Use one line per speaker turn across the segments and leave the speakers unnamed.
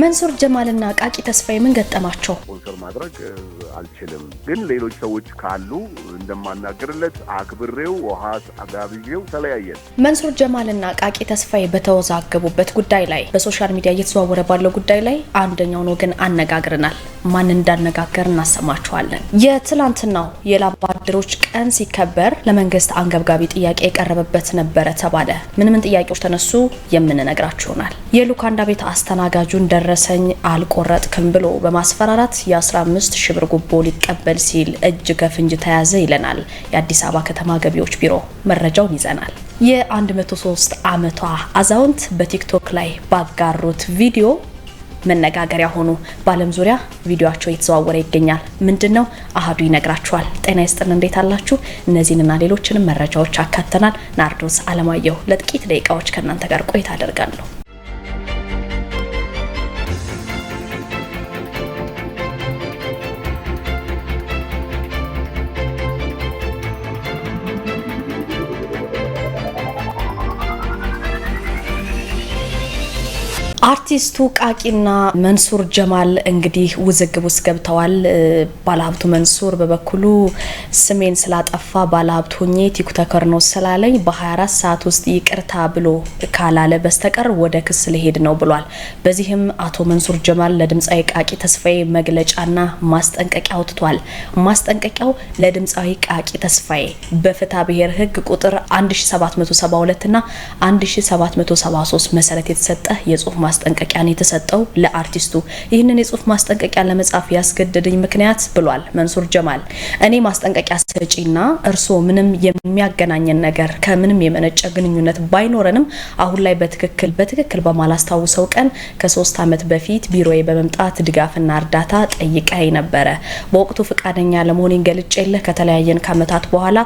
መንሱር ጀማልና አቃቂ ተስፋዬ ምን ገጠማቸው?
ስፖንሰር ማድረግ አልችልም፣ ግን ሌሎች ሰዎች ካሉ እንደማናገርለት አክብሬው ውሃ አጋብዤው ተለያየን።
መንሱር ጀማልና አቃቂ ተስፋዬ በተወዛገቡበት ጉዳይ ላይ በሶሻል ሚዲያ እየተዘዋወረ ባለው ጉዳይ ላይ አንደኛውን ወገን አነጋግረናል። ማን እንዳነጋገር እናሰማችኋለን። የትላንትናው የላባደሮች ቀን ሲከበር ለመንግስት አንገብጋቢ ጥያቄ የቀረበበት ነበረ ተባለ። ምን ምን ጥያቄዎች ተነሱ? የምንነግራችሁ ይሆናል። የሉካንዳ ቤት አስተናጋጁን ደረሰኝ አልቆረጥክም ብሎ በማስፈራራት የ15 ሽብር ብር ጉቦ ሊቀበል ሲል እጅ ከፍንጅ ተያዘ ይለናል የአዲስ አበባ ከተማ ገቢዎች ቢሮ መረጃውን ይዘናል። የ103 ዓመቷ አዛውንት በቲክቶክ ላይ ባጋሩት ቪዲዮ መነጋገሪያ ሆኑ። በዓለም ዙሪያ ቪዲዮቸው እየተዘዋወረ ይገኛል። ምንድን ነው? አሀዱ ይነግራችኋል። ጤና ይስጥን፣ እንዴት አላችሁ? እነዚህንና ሌሎችንም መረጃዎች አካተናል። ናርዶስ አለማየሁ ለጥቂት ደቂቃዎች ከእናንተ ጋር ቆይታ አደርጋለሁ። አርቲስቱ ቃቂና መንሱር ጀማል እንግዲህ ውዝግብ ውስጥ ገብተዋል። ባለሀብቱ መንሱር በበኩሉ ስሜን ስላጠፋ ባለሀብት ሁኜ ቲክቶከር ነው ስላለኝ በ24 ሰዓት ውስጥ ይቅርታ ብሎ ካላለ በስተቀር ወደ ክስ ሊሄድ ነው ብሏል። በዚህም አቶ መንሱር ጀማል ለድምፃዊ ቃቂ ተስፋዬ መግለጫና ማስጠንቀቂያ አውጥቷል። ማስጠንቀቂያው ለድምፃዊ ቃቂ ተስፋዬ በፍትሐ ብሔር ህግ ቁጥር 1772 እና 1773 መሰረት የተሰጠ የጽሁፍ ማስጠንቀቂያን የተሰጠው ለአርቲስቱ። ይህንን የጽሁፍ ማስጠንቀቂያ ለመጻፍ ያስገደደኝ ምክንያት ብሏል መንሱር ጀማል፣ እኔ ማስጠንቀቂያ ሰጪና እርስዎ ምንም የሚያገናኘን ነገር ከምንም የመነጨ ግንኙነት ባይኖረንም አሁን ላይ በትክክል በትክክል በማላስታውሰው ቀን ከሶስት ዓመት በፊት ቢሮዬ በመምጣት ድጋፍና እርዳታ ጠይቀኝ ነበረ። በወቅቱ ፈቃደኛ ለመሆኔን የለህ ከተለያየን ከአመታት በኋላ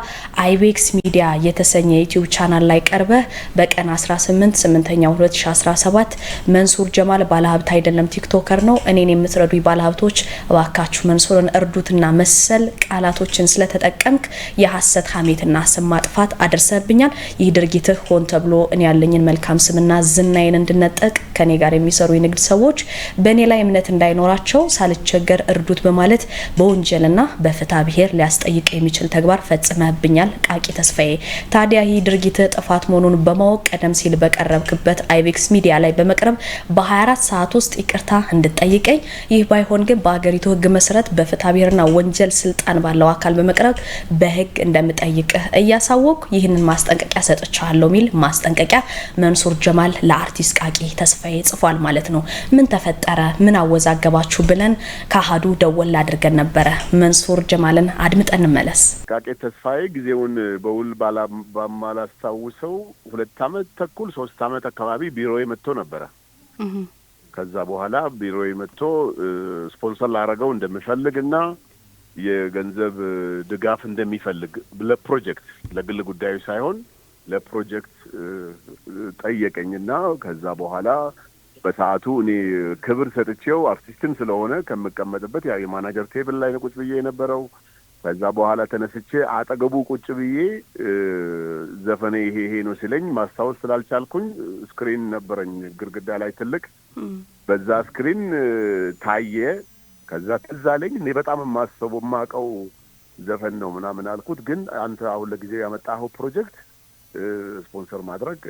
አይቤክስ ሚዲያ የተሰኘ የዩቲዩብ ቻናል ላይ ቀርበ በቀን 18 8ኛው 2017 መንሱር ጀማል ባለሀብት አይደለም ቲክቶከር ነው። እኔን የምትረዱ ባለሀብቶች እባካችሁ መንሱርን እርዱትና መሰል ቃላቶችን ስለተጠቀምክ የሀሰት ሀሜትና ስም ማጥፋት አድርሰብኛል። ይህ ድርጊትህ ሆን ተብሎ እኔ ያለኝን መልካም ስምና ዝናዬን እንድነጠቅ ከኔ ጋር የሚሰሩ የንግድ ሰዎች በእኔ ላይ እምነት እንዳይኖራቸው ሳልቸገር እርዱት በማለት በወንጀልና በፍትሐ ብሔር ሊያስጠይቅ የሚችል ተግባር ፈጽመብኛል። ቃቂ ተስፋዬ ታዲያ ይህ ድርጊት ጥፋት መሆኑን በማወቅ ቀደም ሲል በቀረብክበት አይቤክስ ሚዲያ ላይ በመቅረብ በ24 ሰዓት ውስጥ ይቅርታ እንድጠይቀኝ፣ ይህ ባይሆን ግን በሀገሪቱ ህግ መሰረት በፍትሐ ብሔርና ወንጀል ስልጣን ባለው አካል በመቅረብ በህግ እንደምጠይቅህ እያሳወቅ ይህንን ማስጠንቀቂያ ሰጥቻለሁ የሚል ማስጠንቀቂያ መንሱር ጀማል ለአርቲስት ቃቂ ተስፋዬ ጽፏል ማለት ነው። ምን ተፈጠረ? ምን አወዛገባችሁ? ብለን ከአሀዱ ደወል አድርገን ነበረ። መንሱር ጀማልን አድምጠን እንመለስ።
ቃቄ ተስፋዬ ጊዜውን በውል ባማላስታውሰው ሁለት አመት ተኩል ሶስት አመት አካባቢ ቢሮዬ መጥቶ ነበረ። ከዛ በኋላ ቢሮ መጥቶ ስፖንሰር ላረገው እንደሚፈልግ እና የገንዘብ ድጋፍ እንደሚፈልግ ለፕሮጀክት ለግል ጉዳዩ ሳይሆን ለፕሮጀክት ጠየቀኝና ከዛ በኋላ በሰዓቱ እኔ ክብር ሰጥቼው አርቲስትም ስለሆነ ከምቀመጥበት ያ የማናጀር ቴብል ላይ ቁጭ ብዬ የነበረው ከዛ በኋላ ተነስቼ አጠገቡ ቁጭ ብዬ ዘፈኔ ይሄ ይሄ ነው ሲለኝ ማስታወስ ስላልቻልኩኝ ስክሪን ነበረኝ ግድግዳ ላይ ትልቅ፣ በዛ ስክሪን ታየ። ከዛ ትዝ አለኝ። እኔ በጣም የማስበው የማውቀው ዘፈን ነው ምናምን አልኩት። ግን አንተ አሁን ለጊዜው ያመጣኸው ፕሮጀክት ስፖንሰር ማድረግ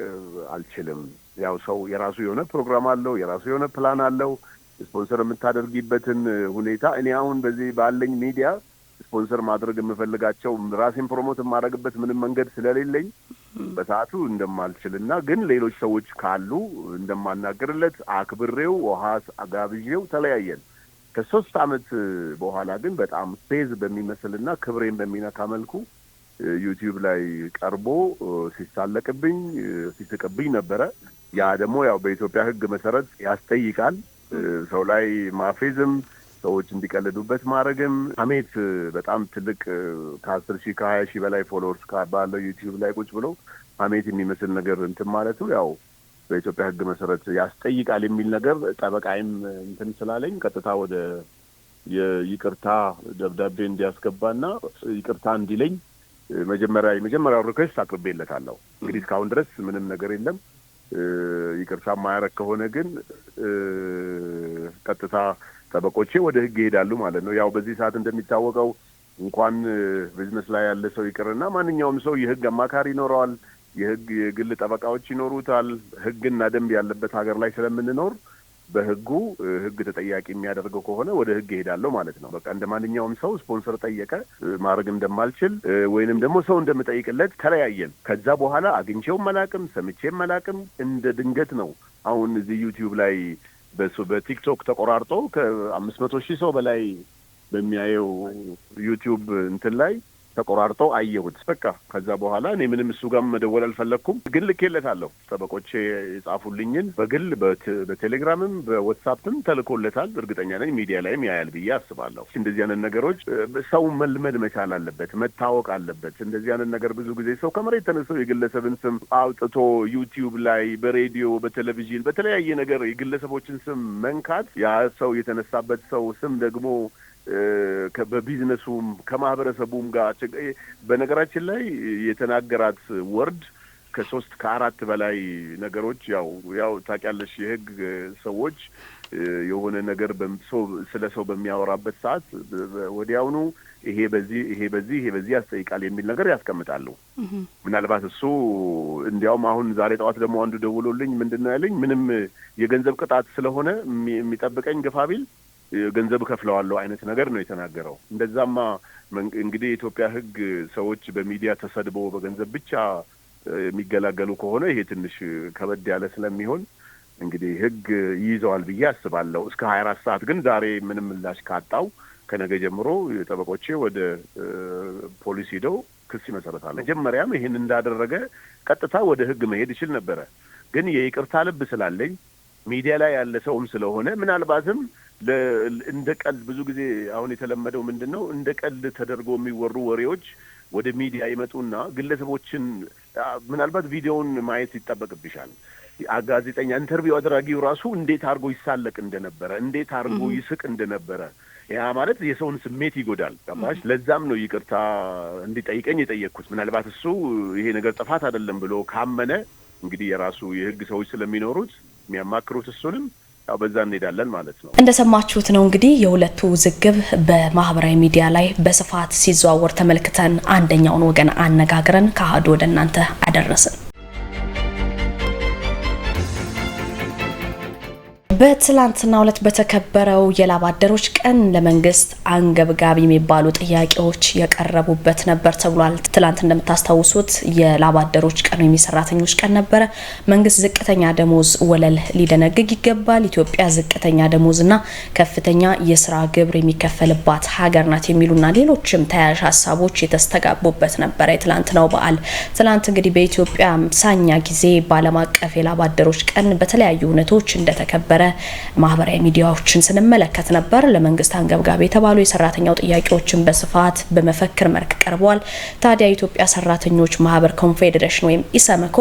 አልችልም። ያው ሰው የራሱ የሆነ ፕሮግራም አለው፣ የራሱ የሆነ ፕላን አለው። ስፖንሰር የምታደርጊበትን ሁኔታ እኔ አሁን በዚህ ባለኝ ሚዲያ ስፖንሰር ማድረግ የምፈልጋቸው ራሴን ፕሮሞት የማድረግበት ምንም መንገድ ስለሌለኝ በሰዓቱ እንደማልችልና ግን ሌሎች ሰዎች ካሉ እንደማናገርለት አክብሬው ውሃ አጋብዤው ተለያየን። ከሶስት አመት በኋላ ግን በጣም ፌዝ በሚመስልና ክብሬን በሚነካ መልኩ ዩቲዩብ ላይ ቀርቦ ሲሳለቅብኝ ሲስቅብኝ ነበረ። ያ ደግሞ ያው በኢትዮጵያ ሕግ መሰረት ያስጠይቃል ሰው ላይ ማፌዝም ሰዎች እንዲቀልዱበት ማድረግም ሀሜት በጣም ትልቅ ከአስር ሺህ ከሀያ ሺህ በላይ ፎሎወርስ ባለው ዩቲዩብ ላይ ቁጭ ብሎ ሀሜት የሚመስል ነገር እንትን ማለቱ ያው በኢትዮጵያ ህግ መሰረት ያስጠይቃል የሚል ነገር ጠበቃይም እንትን ስላለኝ ቀጥታ ወደ የይቅርታ ደብዳቤ እንዲያስገባና ይቅርታ እንዲለኝ መጀመሪያ የመጀመሪያው ሪኩዌስት አቅርቤለታለሁ። እንግዲህ እስካሁን ድረስ ምንም ነገር የለም። ይቅርታ ማያረግ ከሆነ ግን ቀጥታ ጠበቆቼ ወደ ህግ ይሄዳሉ ማለት ነው። ያው በዚህ ሰዓት እንደሚታወቀው እንኳን ቢዝነስ ላይ ያለ ሰው ይቅርና ማንኛውም ሰው የህግ አማካሪ ይኖረዋል፣ የህግ የግል ጠበቃዎች ይኖሩታል። ህግና ደንብ ያለበት ሀገር ላይ ስለምንኖር በህጉ ህግ ተጠያቂ የሚያደርገው ከሆነ ወደ ህግ ይሄዳለሁ ማለት ነው። በቃ እንደ ማንኛውም ሰው ስፖንሰር ጠየቀ ማድረግ እንደማልችል ወይንም ደግሞ ሰው እንደምጠይቅለት ተለያየን። ከዛ በኋላ አግኝቼውም መላቅም ሰምቼም መላቅም እንደ ድንገት ነው አሁን እዚህ ዩቲዩብ ላይ በቲክቶክ ተቆራርጦ ከአምስት መቶ ሺህ ሰው በላይ በሚያየው ዩቲዩብ እንትን ላይ ተቆራርጦ አየሁት። በቃ ከዛ በኋላ እኔ ምንም እሱ ጋር መደወል አልፈለግኩም፣ ግን ልኬለታለሁ። ጠበቆቼ የጻፉልኝን በግል በቴሌግራምም በዋትሳፕም ተልኮለታል። እርግጠኛ ነኝ ሚዲያ ላይም ያያል ብዬ አስባለሁ። እንደዚህ አይነት ነገሮች ሰው መልመድ መቻል አለበት፣ መታወቅ አለበት። እንደዚህ አይነት ነገር ብዙ ጊዜ ሰው ከመሬት ተነስተው የግለሰብን ስም አውጥቶ ዩቲዩብ ላይ በሬዲዮ በቴሌቪዥን በተለያየ ነገር የግለሰቦችን ስም መንካት ያ ሰው የተነሳበት ሰው ስም ደግሞ በቢዝነሱም ከማህበረሰቡም ጋር በነገራችን ላይ የተናገራት ወርድ ከሶስት ከአራት በላይ ነገሮች ያው ያው ታውቂያለሽ የህግ ሰዎች የሆነ ነገር ሰው ስለ ሰው በሚያወራበት ሰዓት ወዲያውኑ ይሄ በዚህ ይሄ በዚህ ይሄ በዚህ ያስጠይቃል የሚል ነገር ያስቀምጣሉ። ምናልባት እሱ እንዲያውም አሁን ዛሬ ጠዋት ደግሞ አንዱ ደውሎልኝ ምንድን ነው ያለኝ ምንም የገንዘብ ቅጣት ስለሆነ የሚጠብቀኝ ግፋ ቢል ገንዘብ ከፍለዋለው አይነት ነገር ነው የተናገረው። እንደዛማ እንግዲህ የኢትዮጵያ ሕግ ሰዎች በሚዲያ ተሰድበው በገንዘብ ብቻ የሚገላገሉ ከሆነ ይሄ ትንሽ ከበድ ያለ ስለሚሆን እንግዲህ ሕግ ይይዘዋል ብዬ አስባለሁ። እስከ ሀያ አራት ሰዓት ግን ዛሬ ምንም ምላሽ ካጣው ከነገ ጀምሮ ጠበቆቼ ወደ ፖሊስ ሂደው ክስ ይመሰረታል። መጀመሪያም ይህን እንዳደረገ ቀጥታ ወደ ሕግ መሄድ ይችል ነበረ። ግን የይቅርታ ልብ ስላለኝ ሚዲያ ላይ ያለ ሰውም ስለሆነ ምናልባትም እንደ ቀልድ ብዙ ጊዜ አሁን የተለመደው ምንድን ነው? እንደ ቀልድ ተደርጎ የሚወሩ ወሬዎች ወደ ሚዲያ ይመጡና ግለሰቦችን ምናልባት ቪዲዮውን ማየት ይጠበቅብሻል። ጋዜጠኛ ኢንተርቪው አድራጊው ራሱ እንዴት አድርጎ ይሳለቅ እንደነበረ፣ እንዴት አድርጎ ይስቅ እንደነበረ ያ ማለት የሰውን ስሜት ይጎዳል። ገባሽ? ለዛም ነው ይቅርታ እንዲጠይቀኝ የጠየቅኩት። ምናልባት እሱ ይሄ ነገር ጥፋት አይደለም ብሎ ካመነ እንግዲህ የራሱ የህግ ሰዎች ስለሚኖሩት የሚያማክሩት እሱንም ያው በዛ እንሄዳለን ማለት ነው።
እንደሰማችሁት ነው እንግዲህ የሁለቱ ውዝግብ በማህበራዊ ሚዲያ ላይ በስፋት ሲዘዋወር ተመልክተን አንደኛውን ወገን አነጋግረን ከአህዱ ወደ እናንተ አደረስን። በትላንትናው ዕለት በተከበረው የላባደሮች ቀን ለመንግስት አንገብጋቢ የሚባሉ ጥያቄዎች የቀረቡበት ነበር ተብሏል። ትላንት እንደምታስታውሱት የላባደሮች ቀን ወይም የሰራተኞች ቀን ነበረ። መንግስት ዝቅተኛ ደሞዝ ወለል ሊደነግግ ይገባል፣ ኢትዮጵያ ዝቅተኛ ደሞዝና ከፍተኛ የስራ ግብር የሚከፈልባት ሀገር ናት የሚሉና ሌሎችም ተያያዥ ሀሳቦች የተስተጋቡበት ነበረ የትላንትናው በዓል። ትላንት እንግዲህ በኢትዮጵያ አምሳኛ ጊዜ በዓለም አቀፍ የላባደሮች ቀን በተለያዩ እውነቶች እንደተከበረ ማህበራዊ ሚዲያዎችን ስንመለከት ነበር። ለመንግስት አንገብጋቢ የተባሉ የሰራተኛው ጥያቄዎችን በስፋት በመፈክር መልክ ቀርበዋል። ታዲያ የኢትዮጵያ ሰራተኞች ማህበር ኮንፌዴሬሽን ወይም ኢሰመኮ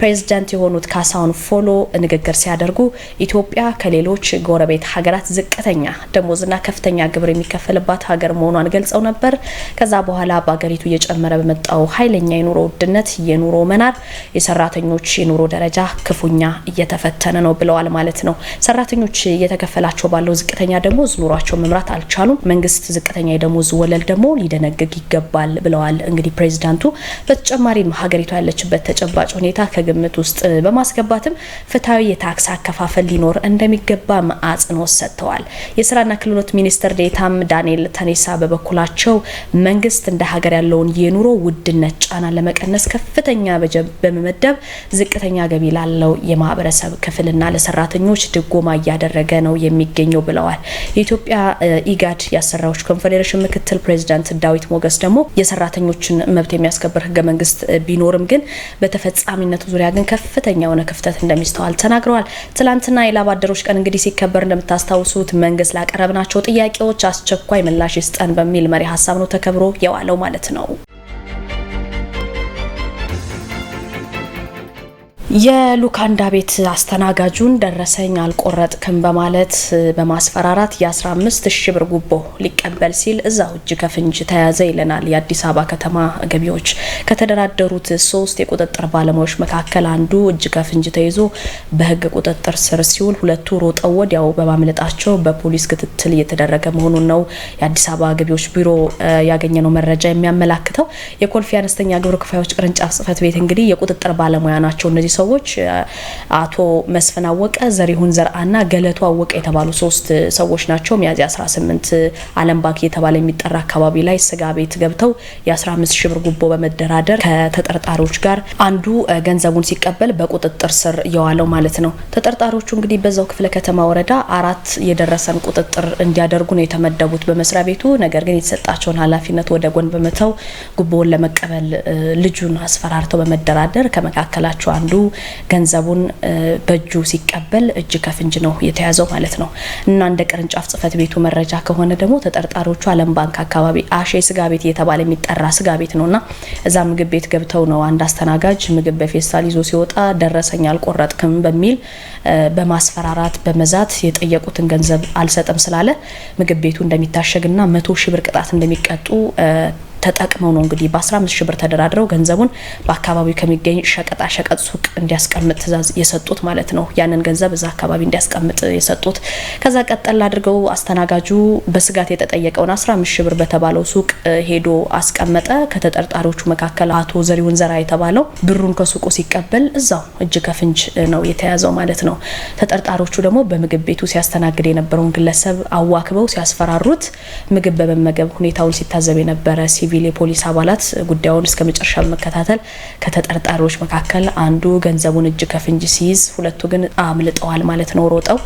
ፕሬዚዳንት የሆኑት ካሳሁን ፎሎ ንግግር ሲያደርጉ ኢትዮጵያ ከሌሎች ጎረቤት ሀገራት ዝቅተኛ ደሞዝና ከፍተኛ ግብር የሚከፈልባት ሀገር መሆኗን ገልጸው ነበር። ከዛ በኋላ በሀገሪቱ እየጨመረ በመጣው ኃይለኛ የኑሮ ውድነት የኑሮ መናር የሰራተኞች የኑሮ ደረጃ ክፉኛ እየተፈተነ ነው ብለዋል ማለት ነው። ሰራተኞች እየተከፈላቸው ባለው ዝቅተኛ ደሞዝ ኑሯቸው መምራት አልቻሉም። መንግስት ዝቅተኛ የደሞዝ ወለል ደግሞ ሊደነግግ ይገባል ብለዋል። እንግዲህ ፕሬዚዳንቱ በተጨማሪም ሀገሪቷ ያለችበት ተጨባጭ ሁኔታ ከግምት ውስጥ በማስገባትም ፍትሐዊ የታክስ አከፋፈል ሊኖር እንደሚገባም አጽንኦት ሰጥተዋል። የስራና ክህሎት ሚኒስትር ዴታም ዳንኤል ተኔሳ በበኩላቸው መንግስት እንደ ሀገር ያለውን የኑሮ ውድነት ጫና ለመቀነስ ከፍተኛ በጀት በመመደብ ዝቅተኛ ገቢ ላለው የማህበረሰብ ክፍልና ለሰራተኞች ድጎ ድጎማ እያደረገ ነው የሚገኘው ብለዋል። የኢትዮጵያ ኢጋድ የአሰራሮች ኮንፌዴሬሽን ምክትል ፕሬዚዳንት ዳዊት ሞገስ ደግሞ የሰራተኞችን መብት የሚያስከብር ህገ መንግስት ቢኖርም ግን በተፈጻሚነቱ ዙሪያ ግን ከፍተኛ የሆነ ክፍተት እንደሚስተዋል ተናግረዋል። ትላንትና የላባደሮች ቀን እንግዲህ ሲከበር እንደምታስታውሱት መንግስት ላቀረብናቸው ጥያቄዎች አስቸኳይ ምላሽ ይስጠን በሚል መሪ ሀሳብ ነው ተከብሮ የዋለው ማለት ነው። የሉካንዳ ቤት አስተናጋጁን ደረሰኝ አልቆረጥክም በማለት በማስፈራራት የ15 ሺ ብር ጉቦ ሊቀበል ሲል እዛው እጅ ከፍንጅ ተያዘ ይለናል የአዲስ አበባ ከተማ ገቢዎች። ከተደራደሩት ሶስት የቁጥጥር ባለሙያዎች መካከል አንዱ እጅ ከፍንጅ ተይዞ በህግ ቁጥጥር ስር ሲውል ሁለቱ ሮጠው ወዲያው በማምለጣቸው በፖሊስ ክትትል እየተደረገ መሆኑን ነው የአዲስ አበባ ገቢዎች ቢሮ ያገኘነው መረጃ የሚያመላክተው። የኮልፌ አነስተኛ ግብር ክፋዮች ቅርንጫፍ ጽሕፈት ቤት እንግዲህ የቁጥጥር ባለሙያ ናቸው እነዚህ ሰዎች አቶ መስፍን አወቀ፣ ዘሪሁን ዘርአና ገለቱ አወቀ የተባሉ ሶስት ሰዎች ናቸው። ሚያዝያ 18 አለም ባንክ እየተባለ የሚጠራ አካባቢ ላይ ስጋ ቤት ገብተው የ15 ሺ ብር ጉቦ በመደራደር ከተጠርጣሪዎች ጋር አንዱ ገንዘቡን ሲቀበል በቁጥጥር ስር የዋለው ማለት ነው። ተጠርጣሪዎቹ እንግዲህ በዛው ክፍለ ከተማ ወረዳ አራት የደረሰን ቁጥጥር እንዲያደርጉ ነው የተመደቡት በመስሪያ ቤቱ። ነገር ግን የተሰጣቸውን ኃላፊነት ወደ ጎን በመተው ጉቦውን ለመቀበል ልጁን አስፈራርተው በመደራደር ከመካከላቸው አንዱ ገንዘቡን በእጁ ሲቀበል እጅ ከፍንጅ ነው የተያዘው ማለት ነው እና እንደ ቅርንጫፍ ጽህፈት ቤቱ መረጃ ከሆነ ደግሞ ተጠርጣሪዎቹ አለም ባንክ አካባቢ አሼ ስጋ ቤት እየተባለ የሚጠራ ስጋ ቤት ነውና እዛ ምግብ ቤት ገብተው ነው አንድ አስተናጋጅ ምግብ በፌስታል ይዞ ሲወጣ ደረሰኝ አልቆረጥክም በሚል በማስፈራራት በመዛት የጠየቁትን ገንዘብ አልሰጥም ስላለ ምግብ ቤቱ እንደሚታሸግና መቶ ሺህ ብር ቅጣት እንደሚቀጡ ተጠቅመው ነው እንግዲህ በ15 ሺህ ብር ተደራድረው ገንዘቡን በአካባቢው ከሚገኝ ሸቀጣሸቀጥ ሱቅ እንዲያስቀምጥ ትእዛዝ የሰጡት ማለት ነው። ያንን ገንዘብ እዛ አካባቢ እንዲያስቀምጥ የሰጡት። ከዛ ቀጠል አድርገው አስተናጋጁ በስጋት የተጠየቀውን 15 ሺህ ብር በተባለው ሱቅ ሄዶ አስቀመጠ። ከተጠርጣሪዎቹ መካከል አቶ ዘሪሁን ዘራ የተባለው ብሩን ከሱቁ ሲቀበል እዛው እጅ ከፍንጅ ነው የተያዘው ማለት ነው። ተጠርጣሪዎቹ ደግሞ በምግብ ቤቱ ሲያስተናግድ የነበረውን ግለሰብ አዋክበው ሲያስፈራሩት ምግብ በመመገብ ሁኔታውን ሲታዘብ የነበረ ሲቪል ሲቪል የፖሊስ አባላት ጉዳዩን እስከ መጨረሻ በመከታተል ከተጠርጣሪዎች መካከል አንዱ ገንዘቡን እጅ ከፍንጅ ሲይዝ፣ ሁለቱ ግን አምልጠዋል ማለት ነው ሮጠው።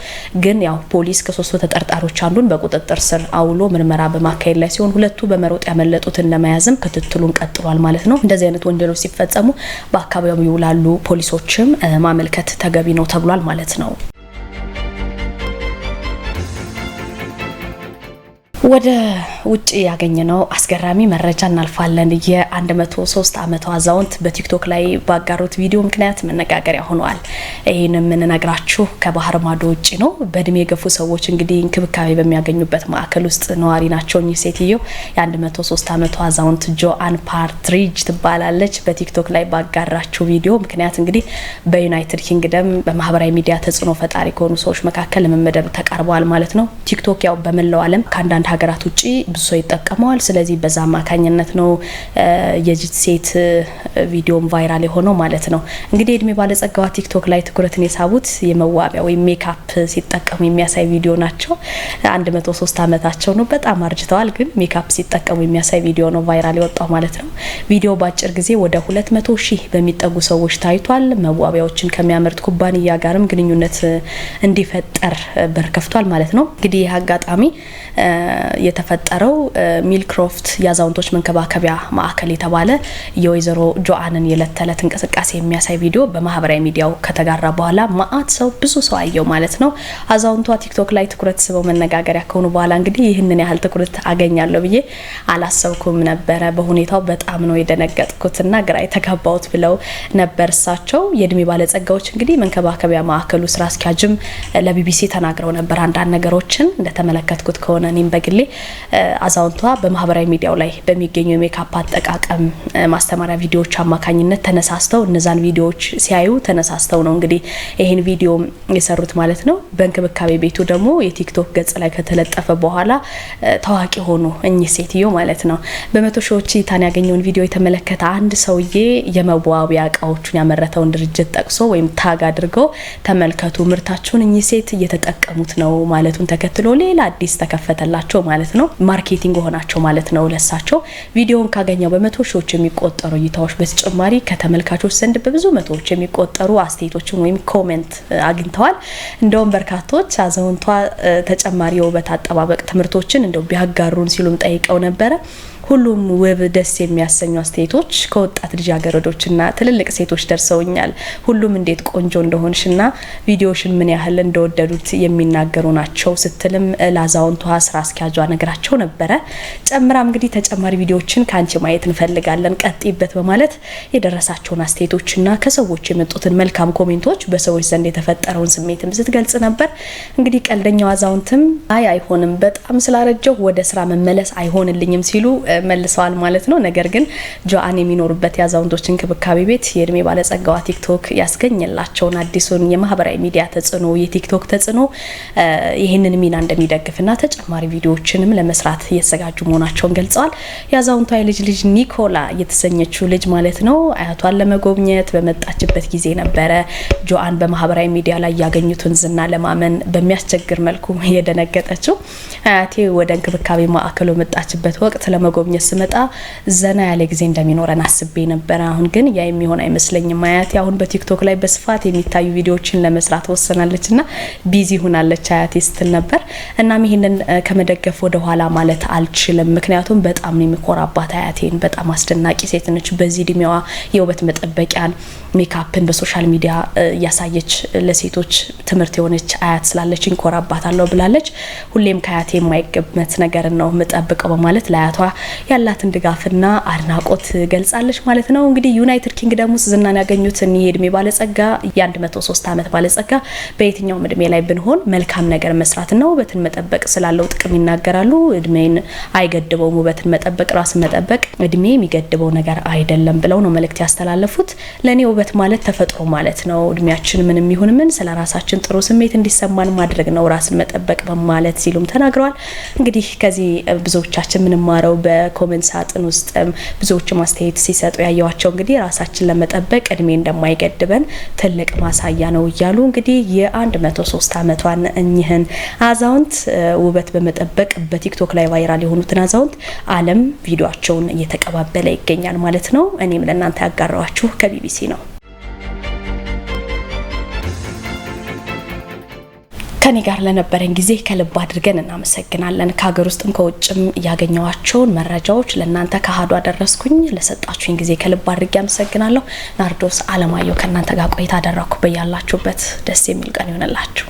ግን ያው ፖሊስ ከሶስቱ ተጠርጣሪዎች አንዱን በቁጥጥር ስር አውሎ ምርመራ በማካሄድ ላይ ሲሆን፣ ሁለቱ በመሮጥ ያመለጡትን ለመያዝም ክትትሉን ቀጥሏል ማለት ነው። እንደዚህ አይነት ወንጀሎች ሲፈጸሙ በአካባቢው ላሉ ፖሊሶችም ማመልከት ተገቢ ነው ተብሏል ማለት ነው። ወደ ውጭ ያገኘነው አስገራሚ መረጃ እናልፋለን። የ103 ዓመቷ አዛውንት በቲክቶክ ላይ ባጋሩት ቪዲዮ ምክንያት መነጋገሪያ ሆኗል። ይህን የምንነግራችሁ ከባህር ማዶ ውጭ ነው። በእድሜ የገፉ ሰዎች እንግዲህ እንክብካቤ በሚያገኙበት ማዕከል ውስጥ ነዋሪ ናቸው። እኚህ ሴትዮ የ103 ዓመቷ አዛውንት ጆአን ፓርትሪጅ ትባላለች። በቲክቶክ ላይ ባጋራችው ቪዲዮ ምክንያት እንግዲህ በዩናይትድ ኪንግደም በማህበራዊ ሚዲያ ተጽዕኖ ፈጣሪ ከሆኑ ሰዎች መካከል ለመመደብ ተቃርበዋል ማለት ነው። ቲክቶክ ያው በመላው ዓለም ከአንዳንድ ከሀገራት ውጭ ብዙ ሰው ይጠቀመዋል። ስለዚህ በዛ አማካኝነት ነው የጅት ሴት ቪዲዮም ቫይራል የሆነው ማለት ነው። እንግዲህ እድሜ ባለጸጋዋ ቲክቶክ ላይ ትኩረትን የሳቡት የመዋቢያ ወይም ሜካፕ ሲጠቀሙ የሚያሳይ ቪዲዮ ናቸው። 103 ዓመታቸው ነው። በጣም አርጅተዋል፣ ግን ሜካፕ ሲጠቀሙ የሚያሳይ ቪዲዮ ነው ቫይራል የወጣው ማለት ነው። ቪዲዮ በአጭር ጊዜ ወደ 200 ሺህ በሚጠጉ ሰዎች ታይቷል። መዋቢያዎችን ከሚያመርት ኩባንያ ጋርም ግንኙነት እንዲፈጠር በር ከፍቷል ማለት ነው። እንግዲህ ይህ አጋጣሚ የተፈጠረው ሚልክሮፍት የአዛውንቶች መንከባከቢያ ማዕከል የተባለ የወይዘሮ ጆአንን የዕለት ተዕለት እንቅስቃሴ የሚያሳይ ቪዲዮ በማህበራዊ ሚዲያው ከተጋራ በኋላ ማአት ሰው ብዙ ሰው አየው ማለት ነው። አዛውንቷ ቲክቶክ ላይ ትኩረት ስበው መነጋገሪያ ከሆኑ በኋላ እንግዲህ ይህንን ያህል ትኩረት አገኛለሁ ብዬ አላሰብኩም ነበረ። በሁኔታው በጣም ነው የደነገጥኩትና ግራ የተጋባሁት ብለው ነበር እሳቸው። የእድሜ ባለጸጋዎች እንግዲህ መንከባከቢያ ማዕከሉ ስራ አስኪያጅም ለቢቢሲ ተናግረው ነበር አንዳንድ ነገሮችን እንደተመለከትኩት ከሆነ እኔም በግል ሽማግሌ አዛውንቷ በማህበራዊ ሚዲያው ላይ በሚገኙ የሜካፕ አጠቃቀም ማስተማሪያ ቪዲዮዎች አማካኝነት ተነሳስተው እነዛን ቪዲዮዎች ሲያዩ ተነሳስተው ነው እንግዲህ ይህን ቪዲዮ የሰሩት ማለት ነው። በእንክብካቤ ቤቱ ደግሞ የቲክቶክ ገጽ ላይ ከተለጠፈ በኋላ ታዋቂ ሆኑ እኚህ ሴትዮ ማለት ነው። በመቶ ሺዎች እይታን ያገኘውን ቪዲዮ የተመለከተ አንድ ሰውዬ የመዋቢያ እቃዎቹን ያመረተውን ድርጅት ጠቅሶ ወይም ታግ አድርገው ተመልከቱ፣ ምርታችሁን እኚህ ሴት እየተጠቀሙት ነው ማለቱን ተከትሎ ሌላ አዲስ ተከፈተላቸው ሆናቸው ማለት ነው። ማርኬቲንግ ሆናቸው ማለት ነው ለሳቸው። ቪዲዮውን ካገኘው በመቶ ሺዎች የሚቆጠሩ እይታዎች በተጨማሪ ከተመልካቾች ዘንድ በብዙ መቶዎች የሚቆጠሩ አስተያየቶችን ወይም ኮሜንት አግኝተዋል። እንደውም በርካቶች አዛውንቷ ተጨማሪ የውበት አጠባበቅ ትምህርቶችን እንደው ቢያጋሩን ሲሉም ጠይቀው ነበረ። ሁሉም ውብ ደስ የሚያሰኙ አስተያየቶች ከወጣት ልጃገረዶችና ትልልቅ ሴቶች ደርሰውኛል። ሁሉም እንዴት ቆንጆ እንደሆንሽና ቪዲዮሽን ምን ያህል እንደወደዱት የሚናገሩ ናቸው ስትልም ለአዛውንቷ ስራ አስኪያጇ ነግራቸው ነበረ። ጨምራም እንግዲህ ተጨማሪ ቪዲዮችን ከአንቺ ማየት እንፈልጋለን ቀጥይበት በማለት የደረሳቸውን አስተያየቶችና ከሰዎች የመጡትን መልካም ኮሜንቶች በሰዎች ዘንድ የተፈጠረውን ስሜትም ስትገልጽ ነበር። እንግዲህ ቀልደኛው አዛውንትም አይ አይሆንም፣ በጣም ስላረጀው ወደ ስራ መመለስ አይሆንልኝም ሲሉ መልሰዋል ማለት ነው። ነገር ግን ጆአን የሚኖሩበት የአዛውንቶች እንክብካቤ ቤት የእድሜ ባለጸጋዋ ቲክቶክ ያስገኘላቸውን አዲሱን የማህበራዊ ሚዲያ ተጽዕኖ የቲክቶክ ተጽዕኖ ይህንን ሚና እንደሚደግፍና ተጨማሪ ቪዲዮዎችንም ለመስራት እየተዘጋጁ መሆናቸውን ገልጸዋል። የአዛውንቷ የልጅ ልጅ ኒኮላ የተሰኘችው ልጅ ማለት ነው አያቷን ለመጎብኘት በመጣችበት ጊዜ ነበረ ጆአን በማህበራዊ ሚዲያ ላይ ያገኙትን ዝና ለማመን በሚያስቸግር መልኩ የደነገጠችው። አያቴ ወደ እንክብካቤ ማዕከሉ መጣችበት ወቅት ለመጎብ ለመጎብኘት ስመጣ ዘና ያለ ጊዜ እንደሚኖረን አስቤ ነበረ። አሁን ግን ያ የሚሆን አይመስለኝም። አያቴ አሁን በቲክቶክ ላይ በስፋት የሚታዩ ቪዲዮዎችን ለመስራት ወሰናለች ቢዚ ሆናለች አያቴ ስትል ነበር። እናም ይህንን ከመደገፍ ወደኋላ ማለት አልችልም። ምክንያቱም በጣም ነው የሚኮራባት አያቴን። በጣም አስደናቂ ሴት ነች። በዚህ እድሜዋ የውበት መጠበቂያን ሜካፕን በሶሻል ሚዲያ እያሳየች ለሴቶች ትምህርት የሆነች አያት ስላለች እንኮራባታለሁ ብላለች። ሁሌም ከአያቴ የማይገመት ነገር ነው የምጠብቀው በማለት ለአያቷ ያላትን ድጋፍና አድናቆት ገልጻለች ማለት ነው። እንግዲህ ዩናይትድ ኪንግደም ውስጥ ዝናን ያገኙት እኒህ እድሜ ባለጸጋ የ103 ዓመት ባለጸጋ በየትኛውም እድሜ ላይ ብንሆን መልካም ነገር መስራትና ውበትን መጠበቅ ስላለው ጥቅም ይናገራሉ። እድሜን አይገድበውም። ውበትን መጠበቅ፣ ራስን መጠበቅ እድሜ የሚገድበው ነገር አይደለም ብለው ነው መልእክት ያስተላለፉት። ለእኔ ውበት ማለት ተፈጥሮ ማለት ነው። እድሜያችን ምንም ይሁን ምን ስለ ራሳችን ጥሩ ስሜት እንዲሰማን ማድረግ ነው ራስን መጠበቅ በማለት ሲሉም ተናግረዋል። እንግዲህ ከዚህ ብዙዎቻችን የምንማረው በ በኮመንት ሳጥን ውስጥም ብዙዎች ማስተያየት ሲሰጡ ያየዋቸው እንግዲህ ራሳችን ለመጠበቅ እድሜ እንደማይገድበን ትልቅ ማሳያ ነው እያሉ እንግዲህ የ103 ዓመቷን እኚህን አዛውንት ውበት በመጠበቅ በቲክቶክ ላይ ቫይራል የሆኑትን አዛውንት ዓለም ቪዲዮቸውን እየተቀባበለ ይገኛል ማለት ነው። እኔም ለእናንተ ያጋራዋችሁ ከቢቢሲ ነው። ከኔ ጋር ለነበረን ጊዜ ከልብ አድርገን እናመሰግናለን። ከሀገር ውስጥም ከውጭም ያገኘዋቸውን መረጃዎች ለእናንተ ከአሀዱ አደረስኩኝ። ለሰጣችሁኝ ጊዜ ከልብ አድርጌ አመሰግናለሁ። ናርዶስ አለማየሁ ከእናንተ ጋር ቆይታ አደረኩ። በያላችሁበት ደስ የሚል ቀን ይሆንላችሁ።